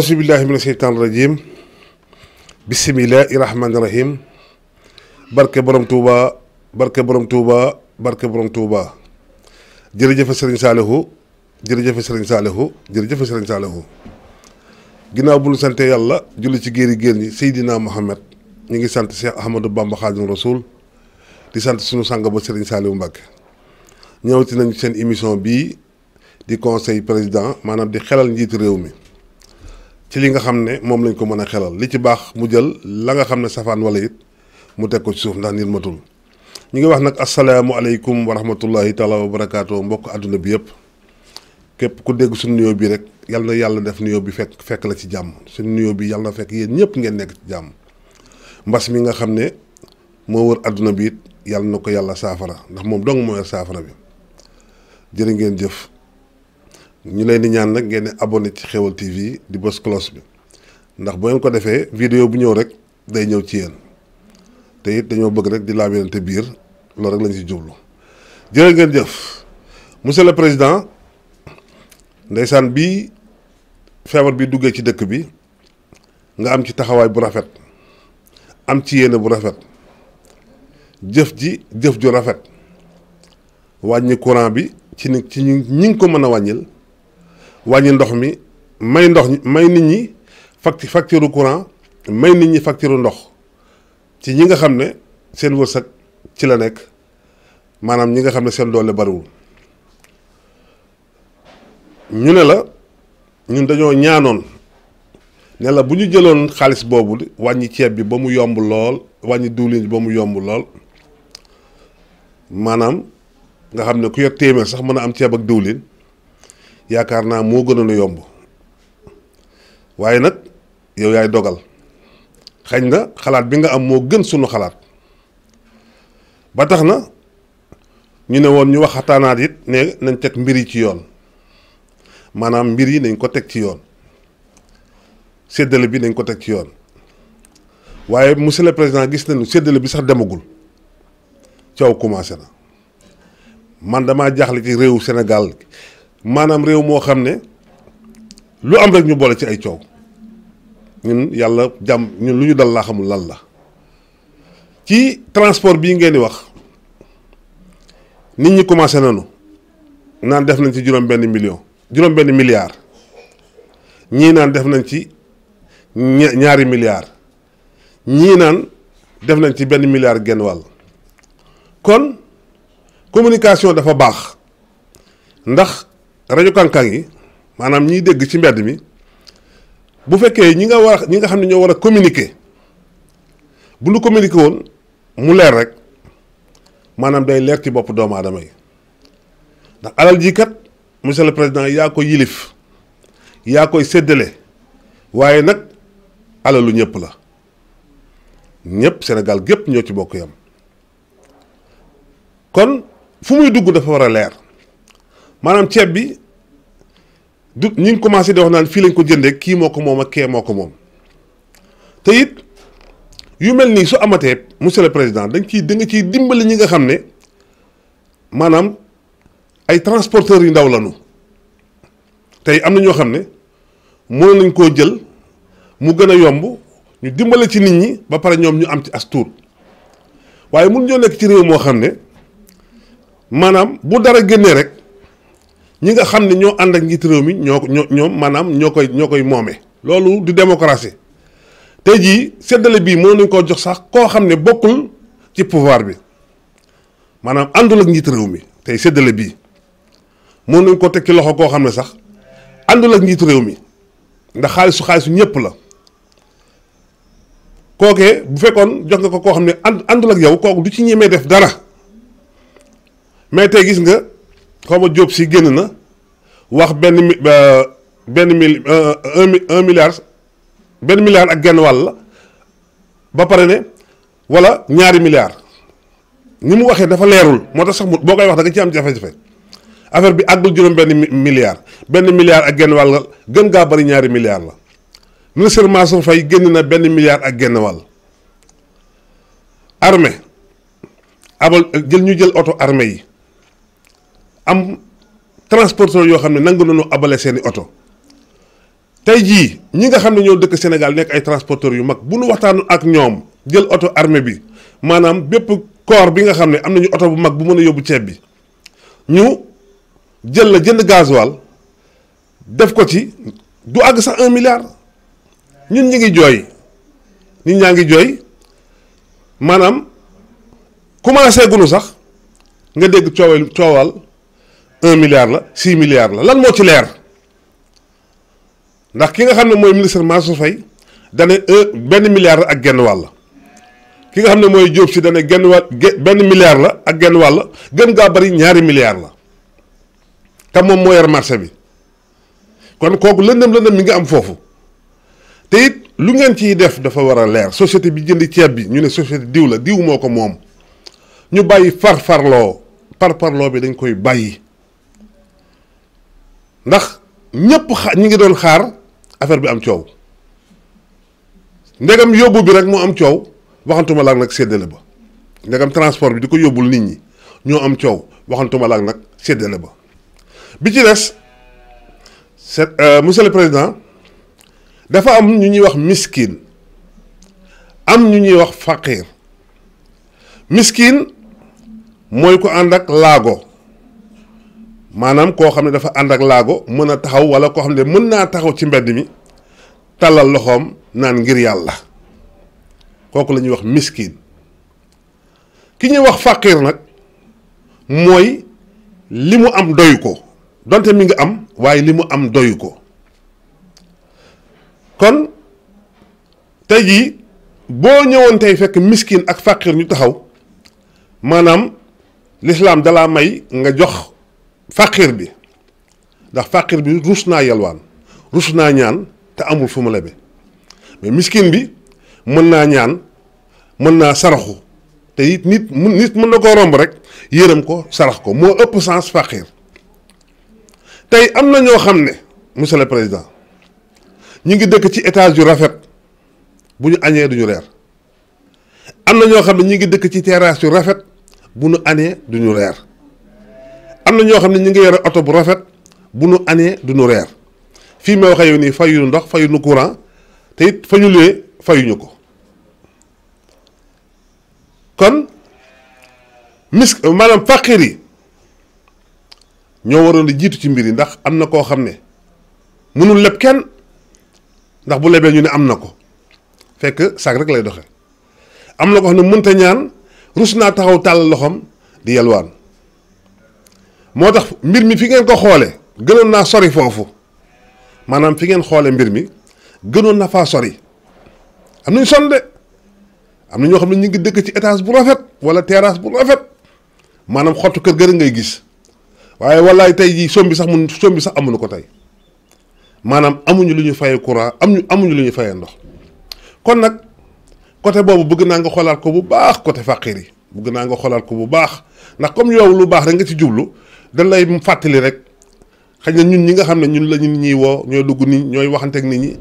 aousubillahi mina sheytaan rajim bisimilahi rahmaani rahim barke borom Touba barke borom Touba barke borom Touba jërëjëfe sëriñ Saalihu jërëjëfe sëriñ Saalihu jërëjëfe sëriñ Saalihu ginnaaw bu ñu sante yàlla julli ci géeri géer ñi Seydina Mohamed ñu ngi sant Cheikh Ahmadou Bamba Xaadimu Rasuul di sant suñu sang ba sëriñ Saalihu Mbàkke ñëwati nañu seen émission bii di conseil président maanaam di xelal njiitu réew mi ci li nga xamne mom lañ ko mëna hamne xelal li ci bax mu jël la nga xamne safan wala yit mu tek ko ci suuf ndax nit matul ñi ngi wax assalamu alaykum wa rahmatullahi taala wa barakatuh mbokk aduna bi yëpp képp ku dégg suñu nuyo bi rek yalla na yalla def nuyo bi fekk fekk la ci jamm suñu nuyo bi yalla na fekk yéen ñëpp ngeen nekk ci jamm mbass mi nga xamne mo wër aduna bi yalla nako yalla safara ndax mom dong mo safara bi jëf ñu leen di ñaan nag ngeen abonné ci xewal tv di bos cloche bi ndax bu ngeen ko defee vidéo bu ñëw rek day ñëw ci yéen te it dañoo bëgg rek di laabirante biir loolu rek lañ ci jublu jërë ngeen jëf monsieur le président ndeysaan bi feebar bi duggee ci dëkk bi nga am ci taxawaay bu rafet am ci yéene bu rafet jëf ji jëf ju rafet wàññi courant bi ci ni ci ko mën a wàññi ndox mi may ndox may nit ñi facti facture courant may nit ñi facture ndox ci ñi nga xam ne seen wërsëg ci la nekk maanaam ñi nga xam ne seen doole bariwul ñu ne la ñun dañoo ñaanoon ne la bu ñu jëloon xaalis boobu wàññi ceeb bi ba mu yomb lool wàññi diwlin bi ba mu yomb lool maanaam nga xam ne ku yor téeméer sax mën a am ceeb ak diwlin yaakaar naa moo gënoon a yomb waaye nag yow yaay dogal xañ na xalaat bi nga am moo gën sunu xalaat ba tax na ñu ne woon ñu waxataanaat it ne nañ teg mbir yi ci yoon maanaam mbir yi nañ ko teg ci yoon seddale bi nañ ko teg ci yoon waaye monsieur le président gis nañu séddale bi sax demagul coow commencé na man dama jaaxle ci réewu senegal Manam rew mo xamne lu am rek ñu bolé ci ay ciow ñun yalla jam ñun lu dal la xamul lan la ci transport bi ngeen di wax nit ñi commencé nañu naan def nañ ci juroom benn million juroom benn milliard ñi naan def nañ ci ñaari milliard ñi naan def nañ ci benn milliard genn wàll kon communication dafa baax ndax rajo kankaan yi maanaam ñiy dégg ci mbedd mi bu fekkee ñi nga war ñi nga xam ne ñoo war a communiquer bu ñu communiquer woon mu leer rek maanaam day leer ci bopp doomu aadama ndax alal ji kat monsieur le président yaa ko yilif yaa koy séddale waaye nag alalu ñëpp la ñëpp Sénégal gépp ñoo ci bokk yam kon fu muy dugg dafa war a leer manam ciép bi du ñing commencé di wax naan fii lañ ko jëndee kii moo ko moom ak kee moo ko moom te it yu mel nii su amatee monsieur le président dañ ciy da nga ciy dimbali ñi nga xam ne maanaam ay transporteurs yu ndaw lanu tey am na ñoo xam ne mënoon nañ koo jël mu gën a yomb ñu dimbale ci nit ñi ba pare ñoom ñu am ci astour waaye mun nekk ci réew moo xam ne bu dara génnee rek ñi nga xam ne ñoo ànd ak njiit réew mi ñoo ñoo ñoom maanaam ñoo koy ñoo koy moome loolu du démocratie tey jii seddale bii mënoon nañ koo jox sax koo xam ne bokkul ci pouvoir bi maanaam àndul ak njiit réew mi tey seddale bii mënoon nañ ko teg ci loxo koo xam ne sax àndul ak njiit réew mi ndax xaalisu xaalisu ñëpp la kookee bu fekkoon jox nga ko koo xam ne ànd àndul ak yow kooku du ci ñemee def dara mais tey gis nga. xaw ma si génn na wax benn mi benn mil euh, un milliard benn milliard ak genn wàll la ba pare ne wala ñaari milliard ni mu waxee dafa leerul moo tax sax mu boo koy wax da nga ci am jafe-jafe affaire bi àggul juróom benn milliard benn milliard ak genn wàll gën ngaa bari ñaari milliard la ministre Mansour Faye génn na benn milliard ak genn wàll armée abal jël ñu jël oto armée yi am transporteur yoo xam ne nangu nañu abale seen i oto tey jii ñi nga xam ne ñoo dëkk Sénégal nekk ay transporteur yu mag bu nu waxtaanu ak ñoom jël oto armée bi maanaam bépp koor bi nga xam ne am nañu oto bu mag bu mën a yóbbu ceeb bi ñu jël la jënd gasoil def ko ci du àgg sax un milliard ñun ñi ngi jooy nit ñaa ngi jooy maanaam commencé gunu sax nga dégg coowal coowal 1 milliard la 6 milliards la lan moo ci leer ndax ki nga xam ne mooy ministre Mansour Faye dane benn milliard ak genn wàll ki nga xam ne mooy Diop si dane genn wàll benn milliard la ak genn wàll gën gaa bari ñaari milliard la te moom moo yor marché bi kon kooku lëndëm lëndëm mi nga am foofu te it lu ngeen ciy def dafa war a leer société bi jënd ceeb bi ñu ne société diw la diw moo ko moom ñu bàyyi far farloo par parloo bi dañ koy bàyyi ndax ñëpp ñi ngi doon xaar affaire bi am coow ndegam yóbbu bi rek moo am coow waxantuma laag nag séddale ba ndegam transport bi di ko yóbbul nit ñi ñoo am coow waxantuma laag nag séddale ba bi ci des c'est euh, monsieur le président dafa am ñu ñuy wax miskin am ñu ñuy wax faqir miskin mooy ko andak ak maanaam koo xam ne dafa ànd ak laago mën a taxaw wala koo xam ne mën naa taxaw ci mbedd mi tàllal loxoom naan ngir yàlla kooku lañuy wax miskin ki ñuy wax fàqiir nag mooy li mu am doyu ko donte mi ngi am waaye li mu am doyu ko kon tey jii boo ñëwoon fekk miskin ak fàqiir ñu taxaw maanaam lislaam dalaa may nga jox faqiir bi ndax faqir bi ruus naa yalwaan rus naa ñaan te amul fu bi mais miskin bi mën naa ñaan mën naa saraxu te it nit mun nit mën na koo romb rek yërëm ko sarax ko moo ëpp sens faqir tey am na ñoo xam ne monsieur le président ñu ngi dëkk ci étage yu rafet bu ñu añee duñu reer am na ñoo xam ne ñu ngi dëkk ci terrasse yu rafet bu ñu añee duñu reer am na ñoo xam ne ñu ngi yore oto bu rafet bu nu añee du nu reer fii may waxee yow nii fayuñu ndox fayuñu courant te it fa ñu lee fayuñu ko kon mis maanaam fàqir yi ñoo waroon di jiitu ci mbir yi ndax am na koo xam ne mënul leb kenn ndax bu lebee ñu ne am na ko fekk saag rek lay doxe am na ko xam ne mënta ñaan rus naa taxaw tàll loxoom di yalwaan moo tax mbir mi fi ngeen ko xoolee gënoon naa sori foofu maanaam fi ngeen xoolee mbir mi gënoon na faa sori am nañ son de am na ñoo xam ne ñu ngi dëkk ci étage bu rafet wala terrasse bu rafet maanaam xottu kër gërëm ngay gis waaye wallaay tey jii sombi sax mun sombi sax amuñu ko tey maanaam amuñu lu ñu fayee courant amuñu amuñu lu ñu fayee ndox kon nag côté boobu bëgg naa nga xoolaat ko bu baax côté fàqiir yi bëgg naa nga xoolaat ko bu baax ndax comme yow lu baax rek nga ci jublu. dañ lay fàttali rek xëy na ñun ñi nga xam ne ñun la ñu ñuy woo ñooy dugg nit ñooy waxanteeg nit ñi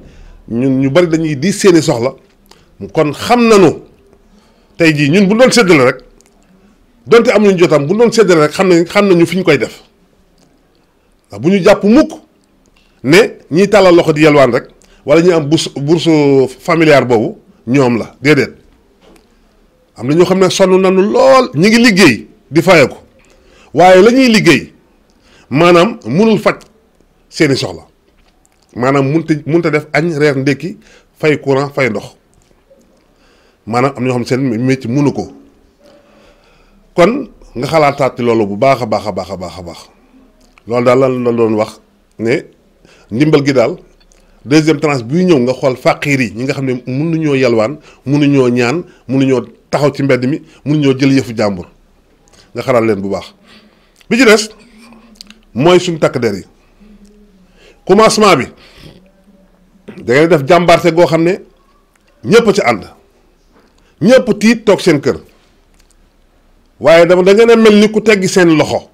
ñun ñu bari dañuy di seeni soxla kon xam nañu tey jii ñun bu doon séddale rek donte amuñu jotam bu doon séddale rek xam xam nañu fi koy def bu ñu jàpp mukk ne ñi talal loxo di yelwaan rek wala ñi am bourse familiar familiale boobu ñoom la déedéet am na ñoo xam ne sonn nañu lool ñi ngi liggéey di fayeku waaye la ñuy liggéey maanaam munul faj seeni soxla maanaam munta munta def añ reer ndekki fay courant fay ndox maanaam am na xam seen métti mënu ko kon nga xalaataat ci loolu bu baax a baax a baax a baax a baax loolu daal lan la doon wax ne ndimbal gi daal deuxième tranche bi ñëw nga xool fàqiir yi ñi nga xam ne ñoo yalwaan ñoo ñaan ñoo taxaw ci mbedd mi ñoo jël yëfu jàmbur nga xalaat leen bu baax bi ci dess moy suñ takk der yi commencement bi da ngay def jàmbarte goo xam ne ñëpp ci and ñepp tiit tok seen kër waaye dama da nga a melni ku teggi seen loxo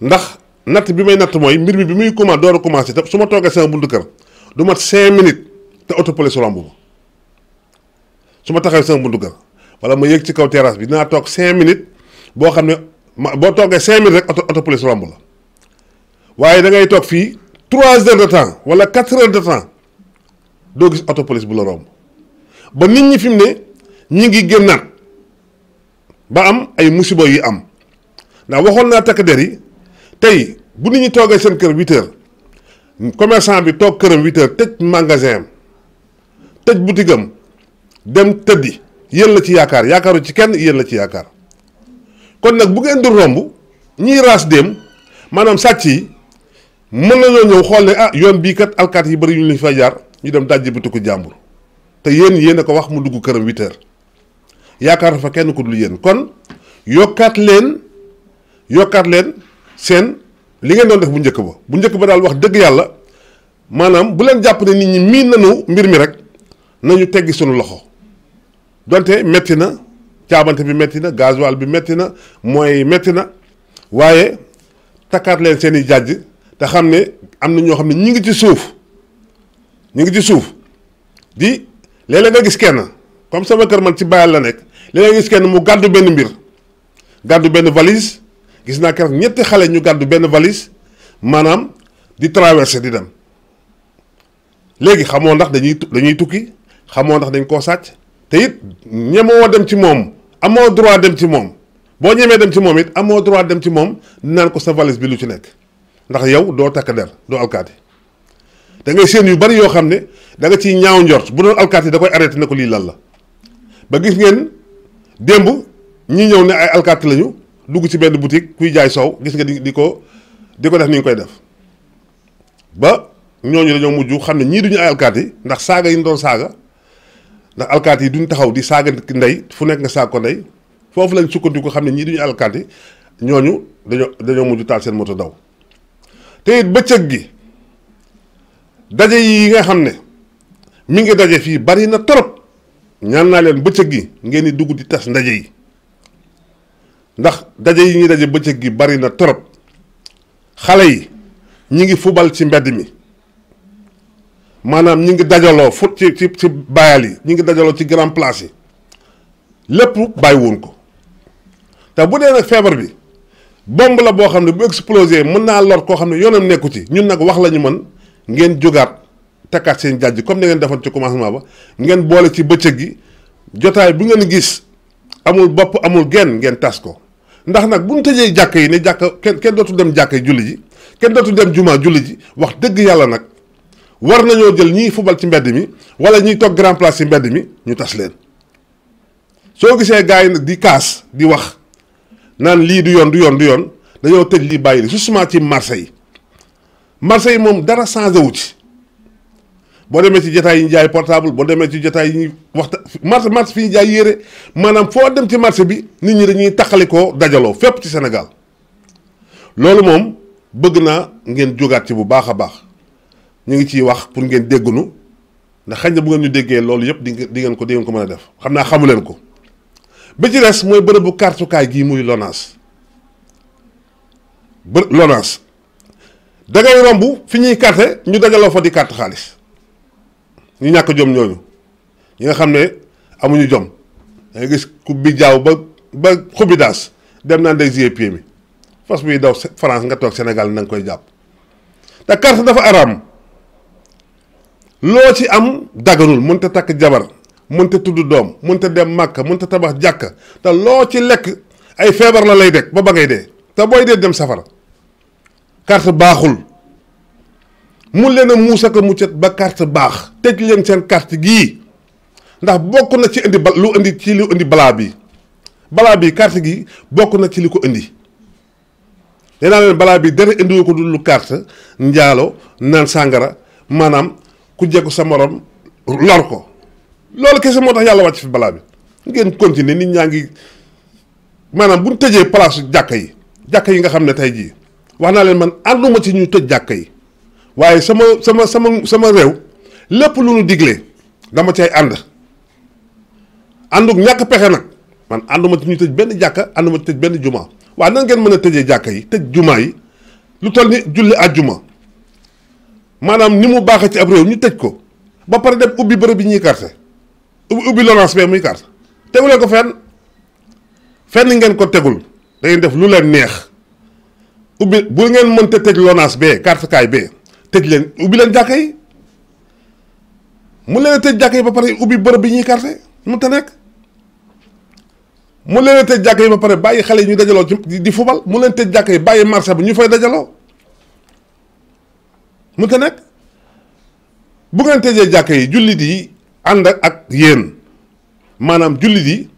ndax nat bi may nat moy mbir bi bi muy commencé door a commencé te su ma sama buntu kër du mat 5 minutes te auto police romb suma su sama buntu kër wala ma yegg ci kaw terrasse bi dinaa tok 5 minutes bo xam ma boo toogee cinq minutes rek auto auto police romb la waaye da ngay toog fii trois heures de temps wala quatre heures de temps doo gis auto police bu la romb ba nit ñi fi mu ne ñi ngi génnaat ba am ay musiba yi am ndax waxoon naa takk der yi tey bu nit ñi toogee seen kër huit heures commerçant bi toog këram huit heures tëj magasin am tëj boutique am dem tëddi yéen la ci yaakaar yaakaaru ci kenn yéen la ci yaakaar. kon nag bu ngeen dul romb ñiy raas dem maanaam sàcc yi mën nañoo ñëw xool ne ah yoon bii kat alkaat yi yu ñu lañ jaar ñu dem dajji bi tukku jàmbur te yéen yéen a ko wax mu dugg këram huit heures yaakaar fa kenn ku dul yéen kon yokkaat leen yokkaat leen seen li ngeen doon def bu njëkk ba bu njëkk ba daal wax dëgg yàlla maanaam bu leen jàpp ne nit ñi miin nañu mbir mi rek nañu teggi suñu loxo donte metti na. caabante bi métti na gasoil bi métti na mooy métti na waaye takkaat leen seen i jàjj te xam ne am na ñoo xam ne ñi ngi ci suuf ñi ngi ci suuf di léeg-léeg nga gis kenn comme sama kër man ci bàyyal la nekk léeg nga gis kenn mu gàddu benn mbir gàddu benn valise gis naa kër ñetti xale ñu gàddu benn valise maanaam di traversé di dem léegi xamoo ndax dañuy dañuy tukki xamoo ndax dañ koo sàcc te it ñemoo dem ci moom amoo droit dem ci moom boo ñemee dem ci moom it amoo droit dem ci moom naan ko sa valise bi lu ci nekk ndax yow doo takk der doo alkaati da ngay seen yu bari yoo xam ne da nga ci ñaaw njort bu doon alkaati da koy arrêté ne ko lii lan la ba gis ngeen démb ñi ñëw ne ay alkaati lañu dugg ci benn boutique kuy jaay saw gis nga di di ko di ko def ni nga koy def ba ñooñu dañoo mujj xam ne ñii duñu ay alkaati ndax saaga yi ñu doon saaga ndax alkaati yi duñ taxaw di saaga ndey fu nekk nga saag ko ndey foofu lañ sukkandiku xam ne ñii duñu alkaati ñooñu dañoo dañoo mujj taal seen moto daw te it bëccëg gi daje yi yi ngay xam ne mi ngi daje fii bari na torop ñaan naa leen bëccëg gi ngeen di dugg di tas ndaje yi ndax daje yi ñuy daje bëccëg gi bari na torop xale yi ñu ngi fubal ci mbedd mi maanaam ñi ngi dajaloo fu ci ci ci bayal yi ñi ngi dajaloo ci grand place yi lépp bàyyi woon ko te bu dee nag feebar bi bomb la boo xam ne bu explosé mën naa lor koo xam ne yoonam nekku ci ñun nag wax la ñu mën ngeen jógaat takkaat seen jàjj comme ni ngeen defoon ci commencement ba ngeen boole ci bëccëg gi jotaay bu ngeen gis amul bopp amul genn ngeen tas ko ndax nag bu ñu tëjee jàkk yi ne jàkk kenn kenn dootu dem jàkk yi julli ji kenn dootu dem jumaa julli ji wax dëgg yàlla nag war nañoo jël ñii fubal ci mbedd mi wala ñiy toog grand place ci mbedd mi ñu tas leen soo gisee gaay di kaas di wax naan li du yoon du yoon du yoon dañoo tëj lii bàyyi li justement ci marché yi marché yi moom dara changé wu ci boo demee ci jotaay yi jaay portable boo demee ci jotaay yi wax waxta marché marché fi ñu jaay yére maanaam foo dem ci marché bi nit ñi dañuy taxalikoo dajaloo fépp ci Sénégal loolu moom bëgg naa ngeen jógaat ci bu baax baax ñu ngi ciy wax pour ngeen déggunu ndax xañ na bu ngeen ñu déggee loolu yëpp di di ngeen ko di ngeen ko mën a def xam naa xamu leen ko bi ci des mooy bërëbu kartukaay gii muy Lonase bër Lonase da romb fi ñuy carte ñu dajaloo fa di carte xaalis ñu ñàkk jom ñooñu ñi nga xam ne amuñu jom da nga gis ku bi ba ba xubi daas dem naan day gie pied mi fas buy daw France nga toog Sénégal na koy jàpp te carte dafa araam loo ci am daganul mënta takk jabar mënta tudd doom mënta dem màkk mënta tabax jàkk te loo ci lekk ay feebar la lay dekk ba ba ngay dee te booy dee dem safara carte baaxul mun leen a muus ak muccat ba carte baax tëj leen seen carte gii ndax bokk na ci indi indi ci lu indi balaa bi balaa bi carte gi bokk na ci li ko indi denaa leen balaa bi dara indiwu ko dul lu carte njaalo naan sàngara maanaam ku jekku sa morom lor ko loolu kese moo tax yàlla wàcc fi balaa bi ngeen continuer nit ñaa ngi maanaam bu tëjee place jàkka yi jàkka yi nga xam ne tey jii wax naa leen man ànduma ci ñu tëj jàkka yi waaye sama sama sama sama réew lépp lu ñu diglee dama cay ànd ànduk ñàkk pexe nag man ànduma ci ñu tëj benn jàkka ànduma ci tëj benn juma waaye nan ngeen mën a tëjee jàkka yi tëj juma yi lu toll ni julli àjjuma maanaam ni mu baaxee ci ab réew ñu tëj ko ba pare def ubbi bërëb bi ñuy carte ubbi lonance bee muy carte tegulee ko fenn fenn ngeen ko tegul da def lu leen neex ubbi bu ngeen mënta tëj lonance bee carte kaay bee tëj leen ubbi leen jàkka yi mu leen a tëj jàkka yi ba pare ubbi bërëb bi ñuy carte mu nekk mu leen a tëj jàkka yi ba pare bàyyi xale yi ñu dajaloo ci di fubal mu leen tëj jàkka yi bàyyi marché bi ñu fay dajaloo mun te nekk bu ngeen tëjee jàkka yi jullit yi ànd ak yéen maanaam jullit yi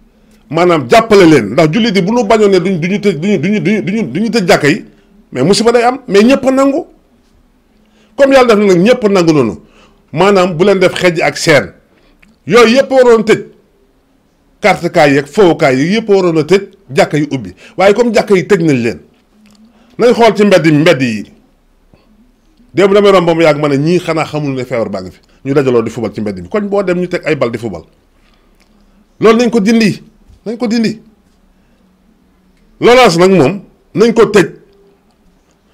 maanaam jàppale leen ndax jullit yi bu nu bañoon ne duñ duñu tëj ñu duñu duñu duñu ñu tëj jàkka yi mais musiba day am mais ñëpp nangu comme yàlla def na nag ñëpp nangu noonu maanaam bu leen def xej ak seen yooyu yëpp waroon tëj carte kaay yeeg fowukaay yi yëpp waroon a tëj jàkka yi ubbi waaye comme jàkka yi tëj nañ leen nañ xool ci mbedd mbedd yi. démb damay romb ba mu yàgg ma ne ñii xanaa xamul ne feebar bàgg ngi fi ñu dajaloo di fubal ci mbedd mi koñ boo dem ñu teg ay bal di fubal loolu nañ ko dindi nañ ko dindi loolaas nag moom nañ ko tëj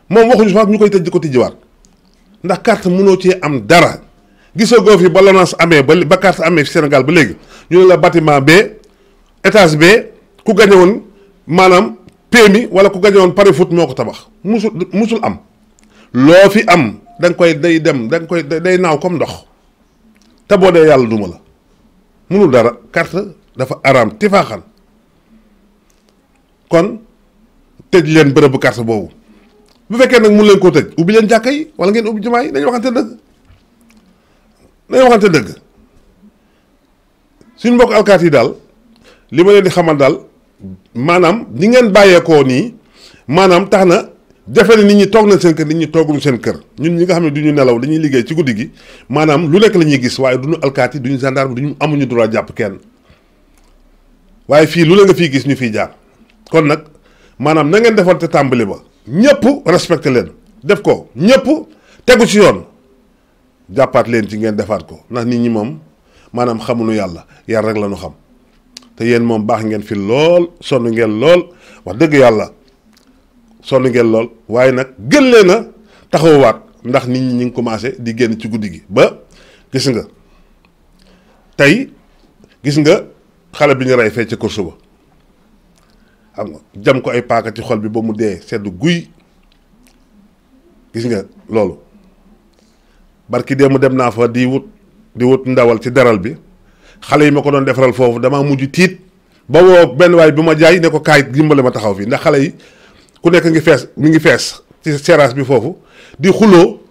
moom waxuñu sax ñu koy tëj di ko tijjiwaat ndax kart mënoo cee am dara gisoo goo fi ba LONASE amee ba ba carte amee Sénégal ba léegi ñu ne la batiment B étage B ku gañe woon maanaam PMI wala ku gañe woon pare foot moo ko tabax musul musul am. loo fi am da koy day dem da nga koy day naaw comme ndox te boo dee yàlla duma la munul dara carte dafa araam tifaaxan kon tëj leen bërëb bu boobu bu fekkee nag mun leen koo tëj ubbi leen jàkka yi wala ngeen ubbi jumaa yi dañu waxante dëgg dañu waxante dëgg suñu mbokk alkaat yi daal li ma leen di xamal daal maanaam ni ngeen bàyyeekoo nii maanaam tax na. defe ne nit ñi toog nañ seen kër nit ñi toogul seen kër ñun ñi nga xam ne du ñu nelaw dañuy liggéey ci guddi gi maanaam lu nekk la ñuy gis waaye du ñu alkaati du ñu gendarme du ñu amuñu droit jàpp kenn waaye fii lu la nga fiy gis ñu fiy jaar kon nag maanaam na ngeen defar te tàmbali ba ñëpp respecté leen def ko ñëpp tegu ci yoon jàppaat leen ci ngeen defaat ko ndax nit ñi moom maanaam xamuñu yàlla yar rek la ñu xam te yéen moom baax ngeen fi lool sonn ngeen lool wax dëgg yàlla. sonu ngeen lool waaye nag gën leen a taxawaat ndax nit ñi ñi ngi commencé di génn ci guddi ba gis nga tey gis nga xale bi ñu rey fee ci course ba xam nga jam ko ay paaka ci xol bi ba mu dee sedd guy gis nga loolu barki dem dem naa fa di wut di wut ndawal ci daral bi xale yi ma ko doon defaral foofu damaa mujj tiit ba woo benn waay bi ma jaay ne ko kaayit gimbale taxaw fi ndax xale yi ku nekk ngi fees mi ngi fees ci serage bi foofu di xuloo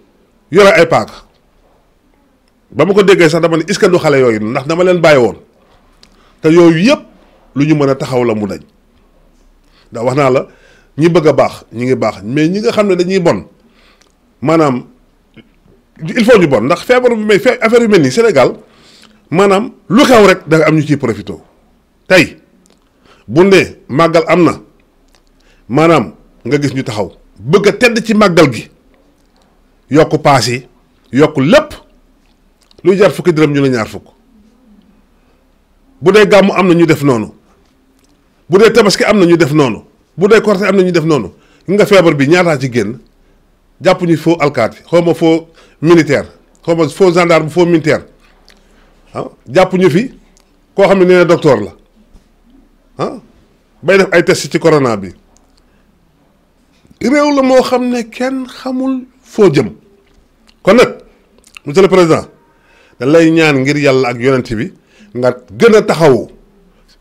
yore ay paak ba ma ko déggee sax dama ne est du xale yooyu ndax dama leen bàyyi woon te yooyu yëpp lu ñu mën a taxaw la mu dañ ndax wax naa la ñi bëgg a baax ñi ngi baax mais ñi nga xam dañuy bon maanaam il faut ñu bon ndax feebar bi may affaire yu mel nii Sénégal maanaam lu xew rek da am ñu ciy profité tey bunde magal amna. am nga gis ñu taxaw bëgg a tedd ci màggal gi yokk paas yi yokk lépp luy jaar fukki dërëm ñu ne ñaar fukk bu dee gàmmu am na ñu def noonu bu dee tabaski am na ñu def noonu bu dee korte am na ñu def noonu nga feebar bi ñaataa ci génn jàpp ñu foo alkaati xaw ma foo militaire xaw ma foo gendarme foo militaire ah jàpp ñu fi koo xam ne nee na docteur la ah bay def ay test ci corona bi. réew la moo xam ne kenn xamul foo jëm kon nag monsieur le président da lay ñaan ngir yàlla ak yonent bi nga gën a taxawu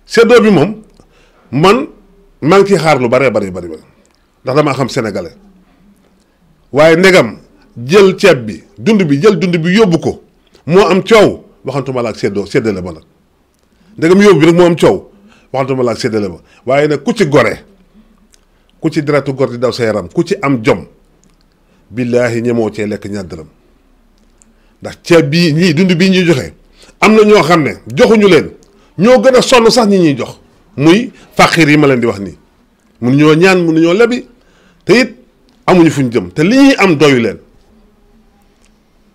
seddoo bi moom man maa ngi ciy xaar lu bare bare bari bari ndax dama xam sénégalais waaye ndegam jël ceeb bi dund bi jël dund bi yóbbu ko moo am coow waxantuma la ak seddoo seddale ba nag ndegam yóbbu bi nag moo am coow waxantuma la ak seddale ba waaye nag ku ci gore ku ci deretu góor di daw sa yaram ku ci am jom billaahi ñemoo cee lekk ñaar ndax ceeb bii ñii dund bii ñuy joxe am na ñoo xam ne joxuñu leen ñoo gën a sonn sax ñi ñuy jox muy fàqir yi ma leen di wax nii mun ñoo ñaan mun ñoo lebi te it amuñu ñu jëm te li ñuy am doyu leen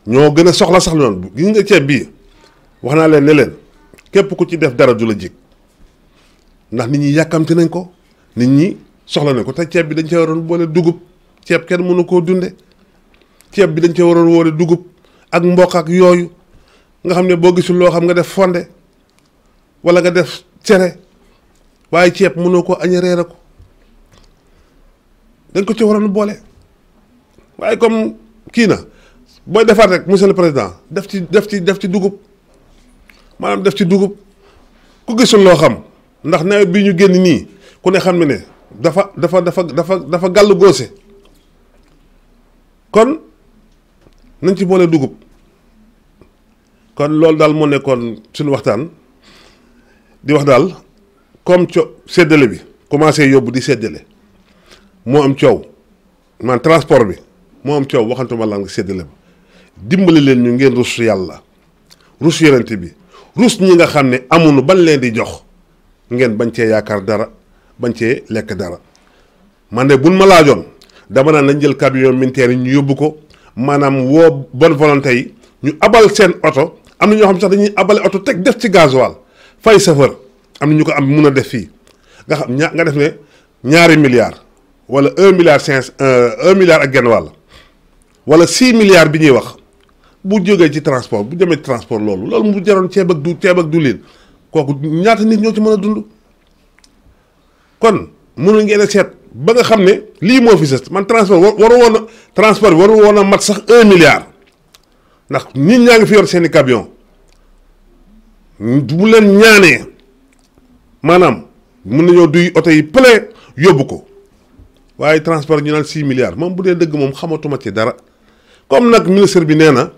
ñoo gën a soxla sax loolu gis nga ceeb bii wax naa leen ne leen képp ku ci def dara du la jig ndax nit ñi yàkkamti nañ ko nit ñi soxla na ko te ceeb bi dañ cee waroon boole dugub ceeb kenn mënu koo dunde ceeb bi dañ cee waroon woole dugub ak mboq ak yooyu nga xam ne boo gisul loo xam nga def fonde wala nga def cere waaye ceeb mënoo koo añ reere ko dañ ko ci waroon boole waaye comme kii na booy defaat rek monsieur président def ci def ci def ci dugub maanaam def ci dugub ku gisul loo xam ndax nawet bi ñu génn nii ku ne xam ne ne dafa dafa dafa dafa dafa galu gosé kon nañ ci bolé dugub kon lol dal mo nekkon suñu waxtan di wax dal comme ci sédélé bi commencé yobbu di sédélé mo am ciow man transport bi mo am ciow waxantuma lang sédélé ba dimbali len ñu ngeen rusu yalla rusu bi rus ñi nga xamné ne amunu ban leen di jox ngeen bañ ci yaakar dara bañ cee lekk dara man de buñ ma laajoon dama naan nañ jël camion militaire yi ñu yóbbu ko maanaam woo bonne volonté yi ñu abal seen oto am na ñoo xam sax dañuy abale oto teg def ci gasoil fay chauffeur am na ñu ko am mun a def fii nga xam ña nga def ne ñaari milliards wala un milliard cinq euh, un milliard ak genn wàll wala six milliards bi ñuy wax bu jógee ci transport bu jëmee transport loolu loolu mu jaroon ceeb ak du ceeb ak du kooku ñaata kon mënu ngeen a seet ba nga xam ne lii moo fi sës man transport waru woon a transport bi waru woon a mat sax un milliard ndax nit ñaa ngi fi yor seen i camion bu leen ñaanee maanaam mun na nañoo duy oto yi plein yóbbu ko waaye transport ñu naan six milliards moom bu dee dëgg moom xamatuma ci dara comme nag ministre bi nee na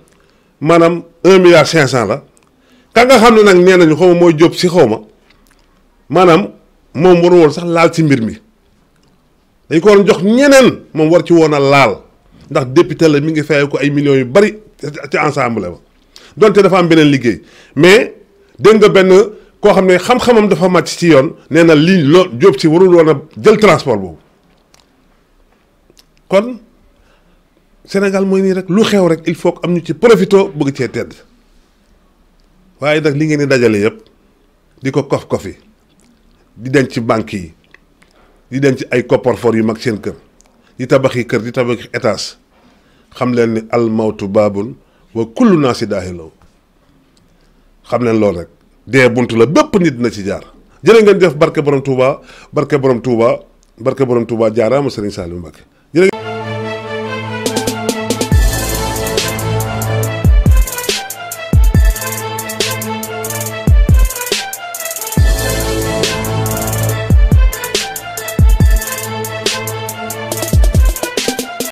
maanaam un milliard cinq cent la ka nga xam ne nag nee nañu xaw ma mooy jóob si xaw ma maanaam moom waru sax laal ci mbir mi dañ ko waroon jox ñeneen moom war ci woon a laal ndax député la mi ngi fay ko ay millions yu bari ci ensemble ba donte dafa am beneen liggéey mais dégg nga benn koo xam ne xam-xamam dafa mat ci yoon nee na lii loo jóob ci warul woon a jël transport boobu kon Sénégal mooy nii rek lu xew rek il faut que am ñu ci profito bëgg cee tedd waaye nag li ngeen di dajale yëpp di ko kof-kofi di denc ci banque yi di denc ay coffre-fort yu mag seen kër di tabaxi kër di tabaxi étage xam leen ni almawtu baabun wa kullu naa si daaxilaw xam leen loolu rek dee bunt la bépp nit na ci jaar jële ngeen def barke borom Touba barke borom Touba barke borom Touba jaaraama Serigne Saliou Mbacké